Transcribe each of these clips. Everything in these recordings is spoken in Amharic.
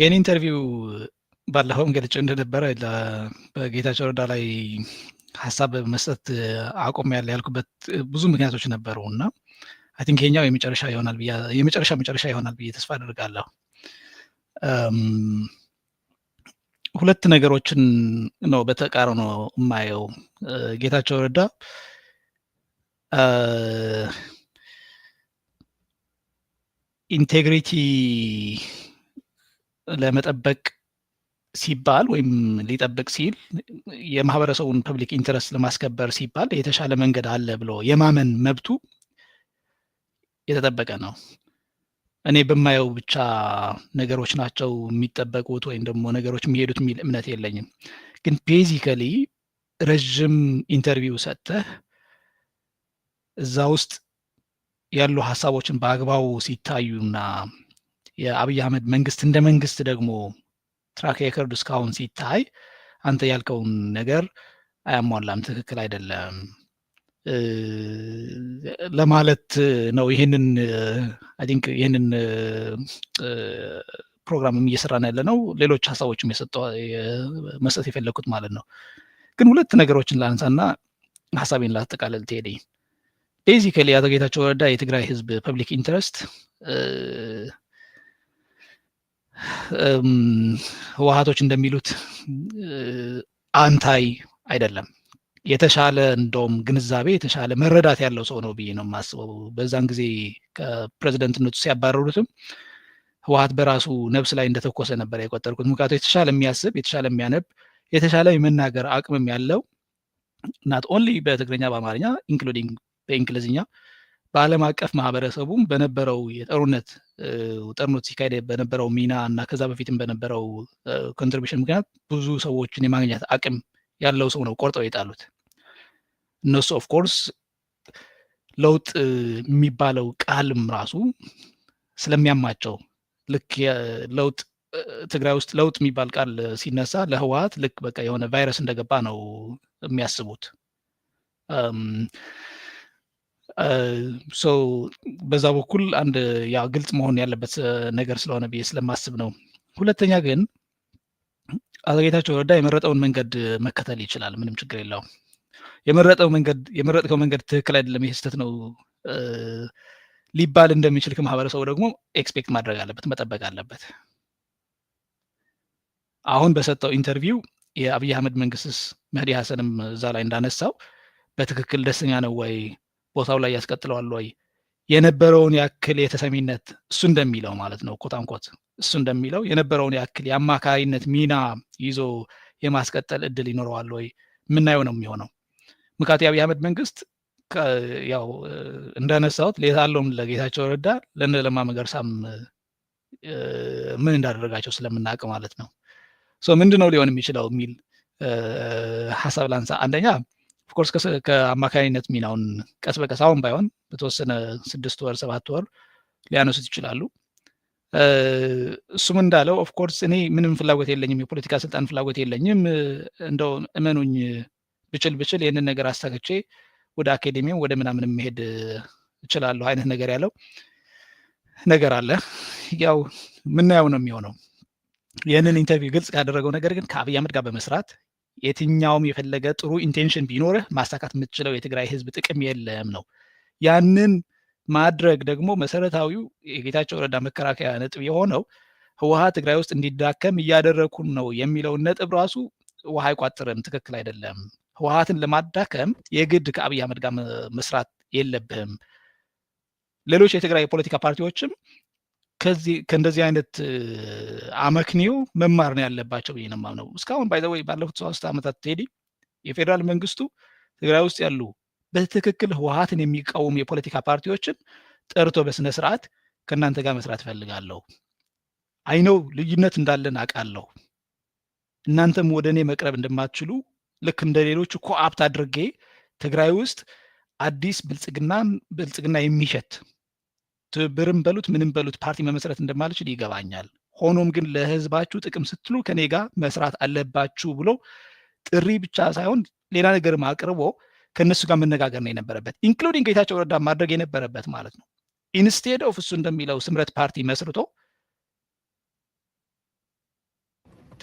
ይህን ኢንተርቪው ባለፈውም ገልጭ እንደነበረ በጌታቸው ረዳ ላይ ሀሳብ መስጠት አቆም ያለ ያልኩበት ብዙ ምክንያቶች ነበሩ እና አይ ይሄኛው የመጨረሻ ይሆናል የመጨረሻ መጨረሻ ይሆናል ብዬ ተስፋ አደርጋለሁ። ሁለት ነገሮችን ነው በተቃርኖ የማየው። ጌታቸው ረዳ ኢንቴግሪቲ ለመጠበቅ ሲባል ወይም ሊጠብቅ ሲል የማህበረሰቡን ፐብሊክ ኢንትረስት ለማስከበር ሲባል የተሻለ መንገድ አለ ብሎ የማመን መብቱ የተጠበቀ ነው። እኔ በማየው ብቻ ነገሮች ናቸው የሚጠበቁት ወይም ደግሞ ነገሮች የሚሄዱት የሚል እምነት የለኝም። ግን ቤዚካሊ ረዥም ኢንተርቪው ሰጥተህ እዛ ውስጥ ያሉ ሀሳቦችን በአግባቡ ሲታዩና የአብይ አህመድ መንግስት እንደ መንግስት ደግሞ ትራክ ሬከርድ እስካሁን ሲታይ አንተ ያልከውን ነገር አያሟላም፣ ትክክል አይደለም ለማለት ነው። ይህንን አይ ይህንን ፕሮግራምም እየሰራን ያለ ነው። ሌሎች ሀሳቦችም መስጠት የፈለግኩት ማለት ነው። ግን ሁለት ነገሮችን ላንሳና ሀሳቤን ላጠቃለል ቴዲ ቤዚካሊ አቶ ጌታቸው ረዳ የትግራይ ህዝብ ፐብሊክ ኢንትረስት። ህወሀቶች እንደሚሉት አንታይ አይደለም። የተሻለ እንደውም ግንዛቤ የተሻለ መረዳት ያለው ሰው ነው ብዬ ነው የማስበው። በዛን ጊዜ ከፕሬዚደንትነቱ ሲያባረሩትም ህወሀት በራሱ ነብስ ላይ እንደተኮሰ ነበር የቆጠርኩት። ምክንያቱ የተሻለ የሚያስብ የተሻለ የሚያነብ የተሻለ የመናገር አቅምም ያለው ናት ኦንሊ በትግርኛ በአማርኛ ኢንክሉዲንግ በእንግሊዝኛ በአለም አቀፍ ማህበረሰቡም በነበረው የጠሩነት ጦርነት ሲካሄድ በነበረው ሚና እና ከዛ በፊትም በነበረው ኮንትሪቢሽን ምክንያት ብዙ ሰዎችን የማግኘት አቅም ያለው ሰው ነው ቆርጠው የጣሉት። እነሱ ኦፍኮርስ ለውጥ የሚባለው ቃልም ራሱ ስለሚያማቸው ልክ ለውጥ ትግራይ ውስጥ ለውጥ የሚባል ቃል ሲነሳ ለህወሀት ልክ በቃ የሆነ ቫይረስ እንደገባ ነው የሚያስቡት። በዛ በኩል አንድ ያው ግልጽ መሆን ያለበት ነገር ስለሆነ ብዬ ስለማስብ ነው። ሁለተኛ ግን አዘጌታቸው ወረዳ ረዳ የመረጠውን መንገድ መከተል ይችላል። ምንም ችግር የለው የመረጠው መንገድ የመረጥከው መንገድ ትክክል አይደለም፣ ይህ ነው ሊባል እንደሚችል ከማህበረሰቡ ደግሞ ኤክስፔክት ማድረግ አለበት፣ መጠበቅ አለበት። አሁን በሰጠው ኢንተርቪው የአብይ አህመድ መንግስትስ መህዲ ሀሰንም እዛ ላይ እንዳነሳው በትክክል ደስተኛ ነው ወይ ቦታው ላይ ያስቀጥለዋል ወይ የነበረውን ያክል የተሰሚነት እሱ እንደሚለው ማለት ነው ኮታንኮት እሱ እንደሚለው የነበረውን ያክል የአማካሪነት ሚና ይዞ የማስቀጠል እድል ይኖረዋል ወይ የምናየው ነው የሚሆነው። ምክንያቱ የአብይ አህመድ መንግስት ያው እንዳነሳሁት ሌታለውም ለጌታቸው ረዳ ለነ ለማ መገርሳም ምን እንዳደረጋቸው ስለምናውቅ ማለት ነው ምንድነው ሊሆን የሚችለው የሚል ሀሳብ ላንሳ። አንደኛ ኦፍኮርስ ከአማካኝነት ሚናውን ቀስ በቀስ አሁን ባይሆን በተወሰነ ስድስት ወር ሰባት ወር ሊያነሱት ይችላሉ። እሱም እንዳለው ኦፍኮርስ እኔ ምንም ፍላጎት የለኝም፣ የፖለቲካ ስልጣን ፍላጎት የለኝም። እንደው እመኑኝ ብችል ብችል ይህንን ነገር አስታክቼ ወደ አካዴሚም ወደ ምናምን መሄድ እችላለሁ አይነት ነገር ያለው ነገር አለ። ያው ምናየው ነው የሚሆነው። ይህንን ኢንተርቪው ግልጽ ካደረገው ነገር ግን ከአብይ አመድ ጋር በመስራት የትኛውም የፈለገ ጥሩ ኢንቴንሽን ቢኖርህ ማሳካት የምትችለው የትግራይ ህዝብ ጥቅም የለም ነው። ያንን ማድረግ ደግሞ መሰረታዊው የጌታቸው ረዳ መከራከያ ነጥብ የሆነው ህወሀ ትግራይ ውስጥ እንዲዳከም እያደረግኩን ነው የሚለውን ነጥብ ራሱ ውሃ አይቋጥርም፣ ትክክል አይደለም። ህወሀትን ለማዳከም የግድ ከአብይ አህመድ ጋር መስራት የለብህም። ሌሎች የትግራይ የፖለቲካ ፓርቲዎችም ከዚህ ከእንደዚህ አይነት አመክኒው መማር ነው ያለባቸው ብዬ ነው እስካሁን ባይዘወይ ባለፉት ሶስት ዓመታት ቴዲ የፌዴራል መንግስቱ ትግራይ ውስጥ ያሉ በትክክል ህወሀትን የሚቃወሙ የፖለቲካ ፓርቲዎችን ጠርቶ በስነ ስርዓት ከእናንተ ጋር መስራት ፈልጋለሁ አይነው ልዩነት እንዳለን አውቃለሁ፣ እናንተም ወደ እኔ መቅረብ እንደማትችሉ ልክ እንደ ሌሎቹ ኮአፕት አድርጌ ትግራይ ውስጥ አዲስ ብልጽግና ብልጽግና የሚሸት ትብብርም በሉት ምንም በሉት ፓርቲ መመስረት እንደማልችል ይገባኛል። ሆኖም ግን ለህዝባችሁ ጥቅም ስትሉ ከኔ ጋር መስራት አለባችሁ ብሎ ጥሪ ብቻ ሳይሆን ሌላ ነገርም አቅርቦ ከእነሱ ጋር መነጋገር ነው የነበረበት። ኢንክሉዲንግ ጌታቸው ረዳ ማድረግ የነበረበት ማለት ነው። ኢንስቴድ ኦፍ እሱ እንደሚለው ስምረት ፓርቲ መስርቶ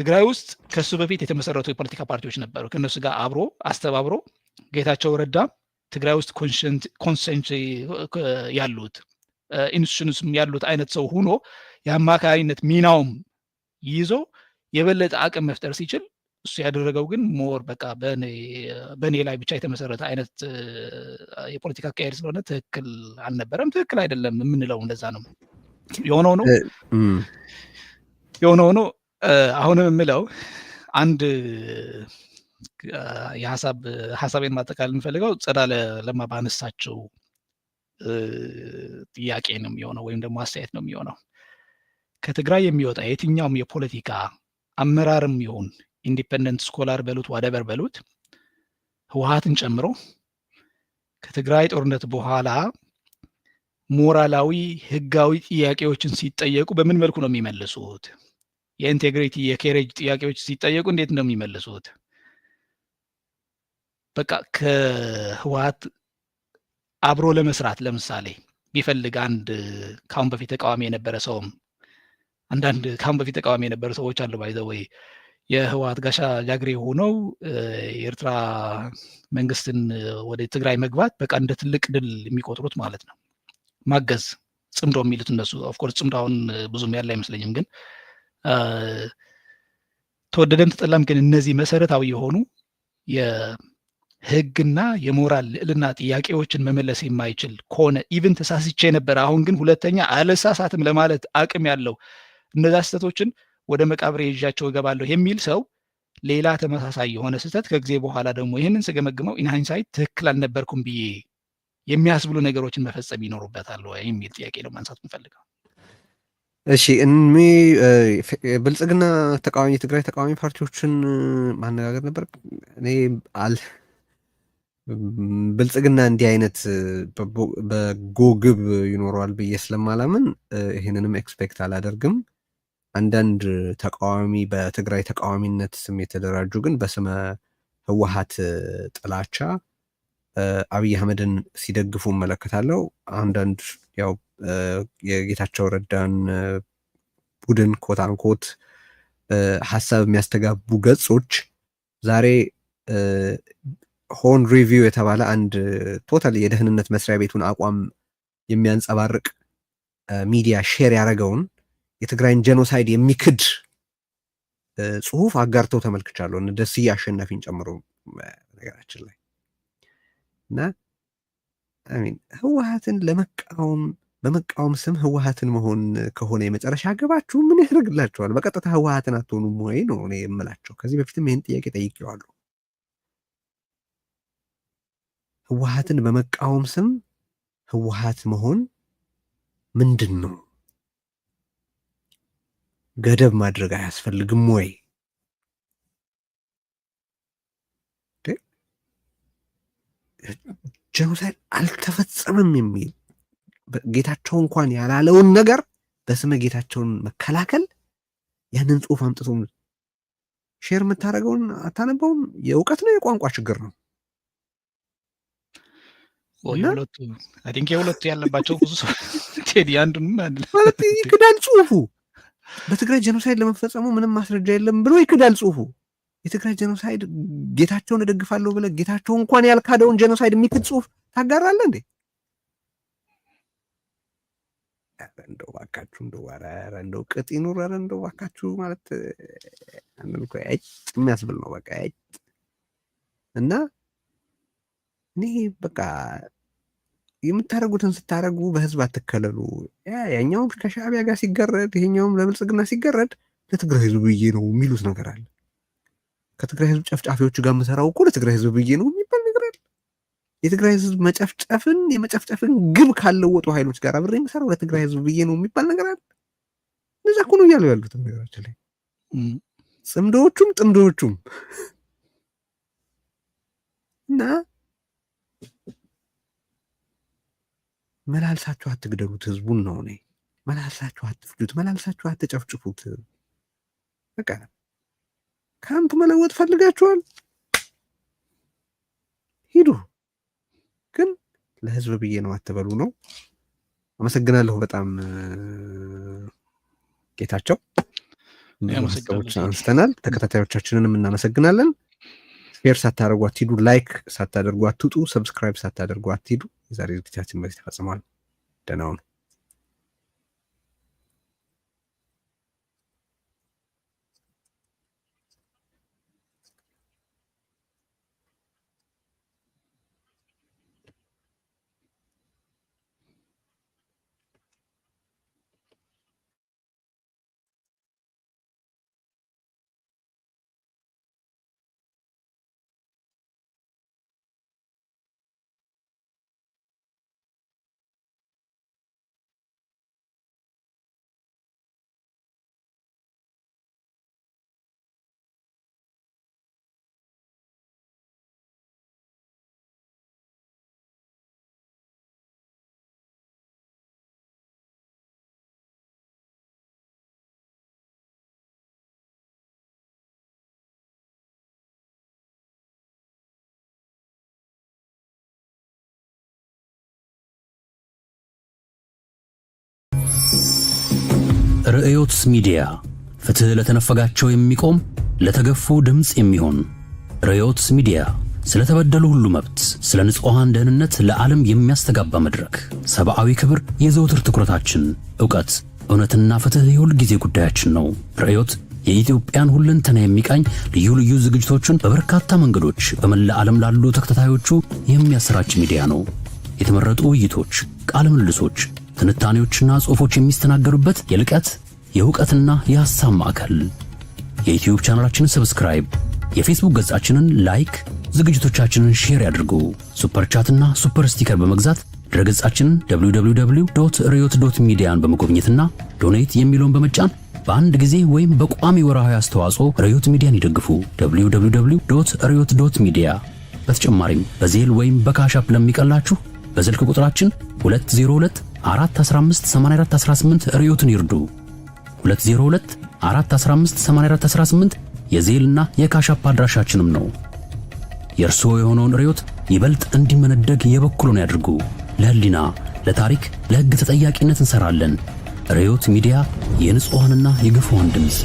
ትግራይ ውስጥ ከሱ በፊት የተመሰረቱ የፖለቲካ ፓርቲዎች ነበሩ። ከእነሱ ጋር አብሮ አስተባብሮ ጌታቸው ረዳ ትግራይ ውስጥ ኮንሰንት ያሉት ኢንስቲቱሽንስም uh, ያሉት አይነት ሰው ሆኖ የአማካሪነት ሚናውም ይዞ የበለጠ አቅም መፍጠር ሲችል እሱ ያደረገው ግን ሞር በቃ በእኔ ላይ ብቻ የተመሰረተ አይነት uh, የፖለቲካ አካሄድ ስለሆነ ትክክል አልነበረም፣ ትክክል አይደለም የምንለው እንደዛ ነው። የሆነው ነው የሆነው ነው አሁንም የምለው አንድ የሀሳብ ሀሳቤን ማጠቃለል የምፈልገው ጸዳ ለማ ባነሳቸው ጥያቄ ነው የሚሆነው ወይም ደግሞ አስተያየት ነው የሚሆነው። ከትግራይ የሚወጣ የትኛውም የፖለቲካ አመራርም ይሁን ኢንዲፐንደንት ስኮላር በሉት ዋደበር በሉት ህወሀትን ጨምሮ ከትግራይ ጦርነት በኋላ ሞራላዊ ህጋዊ ጥያቄዎችን ሲጠየቁ በምን መልኩ ነው የሚመልሱት? የኢንቴግሪቲ የኬሬጅ ጥያቄዎች ሲጠየቁ እንዴት ነው የሚመልሱት? በቃ ከህወሀት አብሮ ለመስራት ለምሳሌ ቢፈልግ አንድ ካሁን በፊት ተቃዋሚ የነበረ ሰውም አንዳንድ ካሁን በፊት ተቃዋሚ የነበሩ ሰዎች አሉ ባይዘ ወይ የህወሓት ጋሻ ጃግሬ ሆነው የኤርትራ መንግስትን ወደ ትግራይ መግባት በቃ እንደ ትልቅ ድል የሚቆጥሩት ማለት ነው። ማገዝ ጽምዶ የሚሉት እነሱ ኦፍኮርስ ጽምዶ አሁን ብዙም ያለ አይመስለኝም። ግን ተወደደም ተጠላም ግን እነዚህ መሰረታዊ የሆኑ ህግና የሞራል ልዕልና ጥያቄዎችን መመለስ የማይችል ከሆነ ኢቭን ተሳስቼ ነበር፣ አሁን ግን ሁለተኛ አልሳሳትም ለማለት አቅም ያለው እነዛ ስህተቶችን ወደ መቃብሬ ይዣቸው እገባለሁ የሚል ሰው ሌላ ተመሳሳይ የሆነ ስህተት ከጊዜ በኋላ ደግሞ ይህንን ስገመግመው ኢንሃይንሳይት ትክክል አልነበርኩም ብዬ የሚያስብሉ ነገሮችን መፈጸም ይኖሩበታል ወይ የሚል ጥያቄ ነው ማንሳት ንፈልገው። እሺ እሚ ብልጽግና ተቃዋሚ የትግራይ ተቃዋሚ ፓርቲዎችን ማነጋገር ነበር እኔ አል ብልጽግና እንዲህ አይነት በጎግብ ይኖረዋል ብዬ ስለማላምን ይህንንም ኤክስፔክት አላደርግም። አንዳንድ ተቃዋሚ በትግራይ ተቃዋሚነት ስም የተደራጁ ግን በስመ ህወሀት ጥላቻ አብይ አህመድን ሲደግፉ እመለከታለሁ። አንዳንድ ያው የጌታቸው ረዳን ቡድን ኮት አንኮት ሀሳብ የሚያስተጋቡ ገጾች ዛሬ ሆን ሪቪው የተባለ አንድ uh, ቶታል የደህንነት መስሪያ ቤቱን አቋም የሚያንጸባርቅ uh, ሚዲያ ሼር ያደረገውን የትግራይን ጄኖሳይድ የሚክድ uh, ጽሁፍ አጋርተው ተመልክቻለሁ። ደስዬ አሸናፊን ጨምሮ ነገራችን ላይ እና ህወሀትን ለመቃወም በመቃወም ስም ህወሀትን መሆን ከሆነ የመጨረሻ ያገባችሁ ምን ያደርግላችኋል? በቀጥታ ህወሀትን አትሆኑም ወይ ነው የምላቸው። ከዚህ በፊትም ይህን ጥያቄ ጠይቄዋለሁ። ህወሀትን በመቃወም ስም ህወሀት መሆን ምንድን ነው? ገደብ ማድረግ አያስፈልግም ወይ? ጀኖሳይድ አልተፈጸመም የሚል ጌታቸው እንኳን ያላለውን ነገር በስመ ጌታቸውን መከላከል ያንን ጽሁፍ አምጥቶ ሼር የምታደርገውን አታነበውም? የእውቀት ነው የቋንቋ ችግር ነው። ሁለቱ አይ የሁለቱ ያለባቸው ብዙ ሰው ቴዲ አንዱን ማለት ይክዳል ጽሁፉ በትግራይ ጀኖሳይድ ለመፈጸሙ ምንም ማስረጃ የለም ብሎ ይክዳል ጽሁፉ። የትግራይ ጀኖሳይድ ጌታቸውን እደግፋለሁ ብለ ጌታቸው እንኳን ያልካደውን ጀኖሳይድ የሚክድ ጽሁፍ ታጋራለ እንዴ? እንደው እባካችሁ እንደው ኧረ እንደው ቅጥ ይኑር። ኧረ እንደው እባካችሁ ማለት አንድን እኮ ያጭ የሚያስብል ነው በቃ ያጭ እና እኔ በቃ የምታደርጉትን ስታደርጉ በህዝብ አትከለሉ። ያኛውም ከሻዕቢያ ጋር ሲገረድ፣ ይሄኛውም ለብልጽግና ሲገረድ ለትግራይ ህዝብ ብዬ ነው የሚሉት ነገር አለ። ከትግራይ ህዝብ ጨፍጫፊዎቹ ጋር የምሰራው እኮ ለትግራይ ህዝብ ብዬ ነው የሚባል ነገር አለ። የትግራይ ህዝብ መጨፍጨፍን የመጨፍጨፍን ግብ ካለወጡ ኃይሎች ጋር አብሬ የምሰራው ለትግራይ ህዝብ ብዬ ነው የሚባል ነገር አለ። እነዛ እኮ ነው እያሉ ያሉት ነገራችን ላይ ጽምዶዎቹም ጥምዶዎቹም እና መላልሳችሁ አትግደሉት። ህዝቡን ነው እኔ መላልሳችሁ አትፍጁት፣ መላልሳችሁ አትጨፍጭፉት። በቃ ካምፕ መለወጥ ፈልጋችኋል፣ ሂዱ። ግን ለህዝብ ብዬ ነው አትበሉ ነው። አመሰግናለሁ በጣም ጌታቸው። ሰዎች አንስተናል። ተከታታዮቻችንንም እናመሰግናለን። ሼር ሳታደርጉ አትሂዱ። ላይክ ሳታደርጉ አትውጡ። ሰብስክራይብ ሳታደርጉ አትሂዱ። የዛሬ ዝግጅታችን በዚህ ተፈጽሟል። ደህና ሁኑ። ርዕዮት ሚዲያ ፍትህ ለተነፈጋቸው የሚቆም ለተገፉ ድምፅ የሚሆን ርዕዮትስ ሚዲያ ስለ ተበደሉ ሁሉ መብት፣ ስለ ንጹሐን ደህንነት ለዓለም የሚያስተጋባ መድረክ። ሰብአዊ ክብር የዘውትር ትኩረታችን፣ ዕውቀት፣ እውነትና ፍትህ የሁል ጊዜ ጉዳያችን ነው። ርዕዮት የኢትዮጵያን ሁለንተና የሚቃኝ ልዩ ልዩ ዝግጅቶችን በበርካታ መንገዶች በመላ ዓለም ላሉ ተከታታዮቹ የሚያሰራጭ ሚዲያ ነው። የተመረጡ ውይይቶች፣ ቃለ ምልልሶች ትንታኔዎችና ጽሑፎች የሚስተናገዱበት የልቀት የእውቀትና የሐሳብ ማዕከል። የዩትዩብ ቻናላችንን ሰብስክራይብ፣ የፌስቡክ ገጻችንን ላይክ፣ ዝግጅቶቻችንን ሼር ያድርጉ። ሱፐር ቻትና ሱፐር ስቲከር በመግዛት ድረገጻችንን www ሪዮት ዶት ሚዲያን በመጎብኘትና ዶኔት የሚለውን በመጫን በአንድ ጊዜ ወይም በቋሚ ወርሃዊ አስተዋጽኦ ሪዮት ሚዲያን ይደግፉ። ሪዮት ዶት ሚዲያ። በተጨማሪም በዜል ወይም በካሻፕ ለሚቀላችሁ በስልክ ቁጥራችን 202 4158418 ርዕዮትን ይርዱ 202 4158418 የዜልና የካሻፕ አድራሻችንም ነው። የእርስዎ የሆነውን ርዕዮት ይበልጥ እንዲመነደግ የበኩሉን ያድርጉ። ለህሊና፣ ለታሪክ፣ ለሕግ ተጠያቂነት እንሰራለን። ርዕዮት ሚዲያ የንጹሐንና የግፉዋን ድምፅ